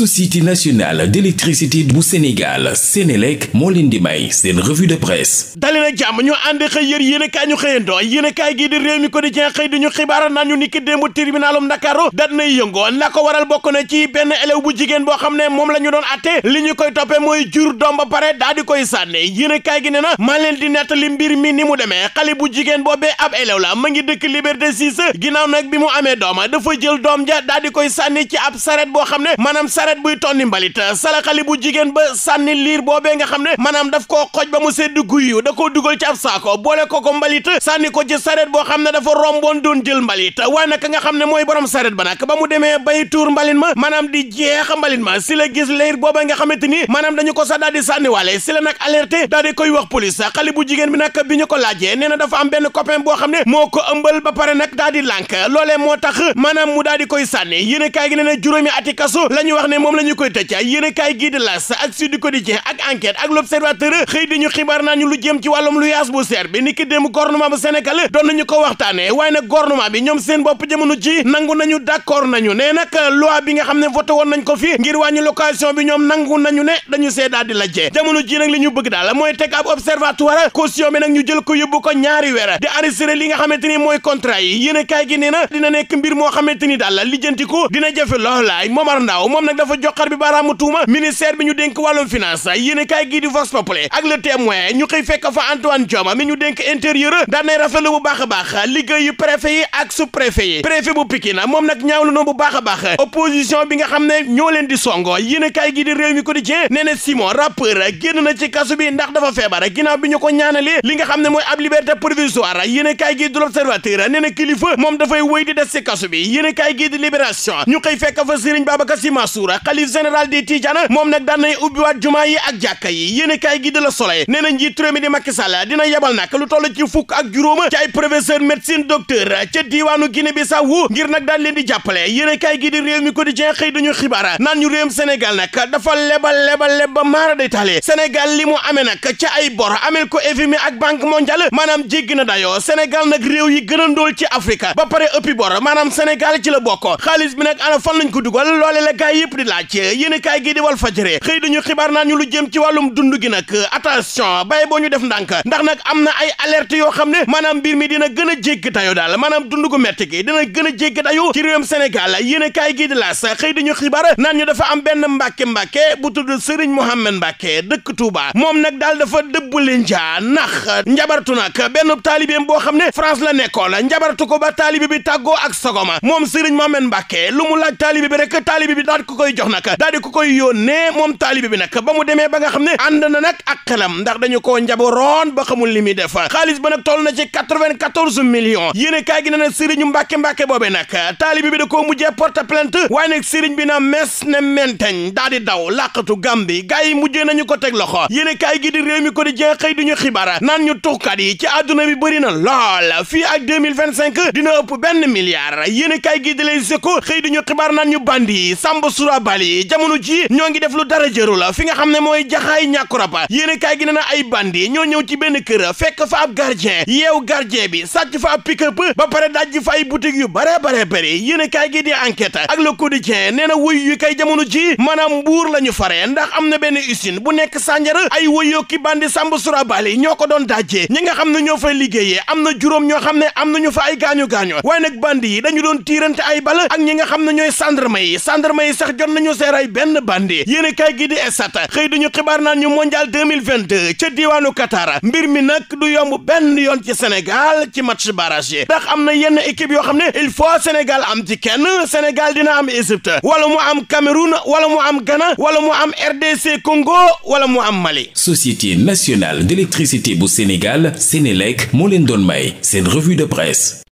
société nationale d'électricité bu Sénégal Sénélec moo leen di may seen revue de presse dali na jàmm ñu ànd xëy yër yéenekaay ñu xëyandoo yéenekaay gi di réew mi quotidien xëy di ñu xibaar naan ñu ni ki démb tribunalum Ndakaaru dat nay yëngoo la ko waral bokk na ci benn élève bu jigéen boo xam ne moom la ñu doon atte li ñu koy toppe mooy jur doom ba pare daa di koy sànne yéenekaay gi ne na maa leen di nettali mbir mi ni mu demee xale bu jigéen ma ngi dëkk Liberté 6 ginnaaw nag bi mu amee dooma boo xam saret buy tonni mbalit salaxali bu jigéen ba sànni liir boobee nga xam ne maanaam daf koo xoj ba mu sedd guyu da koo dugal ci ab saako boole ko ko mbalit sànni ko ci saret boo xam ne dafa romboon doon jël mbalit waaye nag nga xam ne mooy borom saret ba nag ba mu demee bay tuur mbalit ma maanaam di jeex mbalit ma si la gis liir boobee nga xamante ni maanaam dañu ko sa daal di sànniwaale si la nag alerté daal di koy wax police xali bu jigéen bi nag bi ñu ko laajee nee na dafa am benn copain boo xam ne moo ko ëmbal ba pare nag daal di lànk loolee moo tax maanaam mu daal di koy sànni yéen a kaay gi nee na juróomi ati la ñu wax ne moom la ñu koy tëj yéenekaay gii di L'As ak Sud Quotidien ak Enquête ak L'Observateur xëy di ñu xibaar naa ñu lu jëm ci wàllum luyaas bu seer bi ni ki démb gouvernement bu Sénégal doon nañu ko waxtaane waaye nag bi ñoom seen bopp jamono ji nangu nañu d'accord nañu ne nag loi bi nga xam ne voté woon nañ ko fi ngir wàññi location bi ñoom nangu nañu ne dañu see di la lajjee jamono ji nag li ñu bëgg daal mooy teg ab observatoire caution bi nag ñu jël ko yóbbu ko ñaari weer di enregistrer li nga xamante ni mooy contrat yi yéenekaay gi na dina nekk mbir moo xamante ni daal lijjanti ko dina jafe loolaay Momar Ndaw moom nag dafa joxar bi baaraamu tuuma ministère bi ñu denk wàllum finance yéene kaay gii di vox populi ak le témoin ñu xëy fekk fa Antoine Diome mi ñu dénk intérieur daan nay rafetlu bu baax a baax liggéey yu préfet yi ak su préfet yi préfet bu Pikine moom nag ñaaw lu na bu baax a baax opposition bi nga xam ne ñoo leen di songo yéene kaay gii di réew mi quotidien nee na Simon rappeur génn na ci kasu bi ndax dafa feebar ginnaaw bi ñu ko ñaanalee li nga xam ne mooy ab liberté provisoire yéene kaay gii di l'observateur moom dafay wéy des ci bi yéene kaay gii di ñu xëy fekk fa Serigne Babacar Mansour xalif général des moom nag daan nay ubbiwaat jumaa yi ak jàkka yi yéen kaay gi de la Soleil nee na njiit réew di Macky Sall dina yebal nag lu toll ci fukk ak juróom ci ay professeur médecine docteur ca diiwaanu Guinée-Bissau ngir nag daan leen di jàppale yéen kaay gi di réew mi quotidien xëy dañu xibaar naan ñu réewum Sénégal nag dafa lebal lebal lebal maara day taale Sénégal li mu amee nag ca ay bor amel ko FMI ak Banque mondiale maanaam jéggi na dayoo Sénégal nag réew yi gën a ndóol ci Afrique ba pare ëppi bor maanaam Sénégal ci la bokk bi nag ana fan di laaj yéenekaay gi di Walf Fadjri xëy dañu xibaar naa ñu lu jëm ci wàllum dund gi nag attention bàyyi boo ñu def ndànk ndax nag am na ay alerte yoo xam ne maanaam mbir mi dina gën a jéggi dayo daal maanaam dund gu metti gi dina gën a jéggi dayo ci réewum Sénégal yéenekaay gi di L'As xëy dañu xibaar naan ñu dafa am benn Mbàkke Mbàkke bu tudd Serigne Mohamed Mbàkke dëkk Touba moom nag daal dafa dëbbale njaa nax njabartu nag benn taalibeem boo xam ne France la nekkoon njabartu ko ba taalibe bi tàggoo ak sogoma moom Serigne Mohamed Mbàkke lu mu laaj taalibe jox nag daal ko koy yónnee moom taalibe bi nag ba mu demee ba nga ne ànd na nag ak xelam ndax dañu koo njaboroon ba xamul li muy xaalis ba nag toll na ci quatre-vingt-quatorze gi ne nag sëriñu mbàkke-mbàkke boobee nag taalibe bi da koo mujjee porte plainte waaye nag sëriñ bi na mes ne menteñ daal daw làqatu Gàmbi gars yi mujjee nañu ko teg loxo yéene kaay gi di réew mi ko di jeex xëy duñu xibaar naan ñu tuxkat yi ci àdduna bi bëri na lool fii ak 2025 dina ëpp bal yi jamono ji ñoo ngi def lu dara jëru fi nga xam ne mooy jaxaay ñàkkuraba yéen kaay gi nee ay bandi ñoo ñëw ci benn kër fekk fa ab gardien yeew gardien bi sàcc fa a pick ba pare dajji fa ay boutique yu bare bare bare yéen kaay gi di enquête ak le quotidien nee na wuyu yu kay jamono ji maanaam mbuur la ñu fare ndax am na benn usine bu nekk sànjara ay wuyoo ki bandi sàmb sura bali ñoo ko doon dajjee ñi nga xam ne ñoo fay liggéeyee am na juróom ñoo xam ne am nañu fa ay gaañu gaañu waaye nag bandi yi dañu doon tiirante ay bal ñi nga xam ne ñooy gendarme yi yi sax nañu seeray benn bandi yéen kay gi di estat xëy dañu xibaar naan ñu mondial 2022 ca diiwaanu Qatar mbir mi nag du yomb benn yoon ci Sénégal ci match barrage yi ndax am na yenn équipe yoo xam ne il faut Sénégal am ci senegal Sénégal dina am Égypte wala mu am Cameroun wala mu am Ghana wala mu am RDC Congo wala mu am Mali. Société nationale d'électricité bu Sénégal Sénélec moo leen doon may seen revue de presse.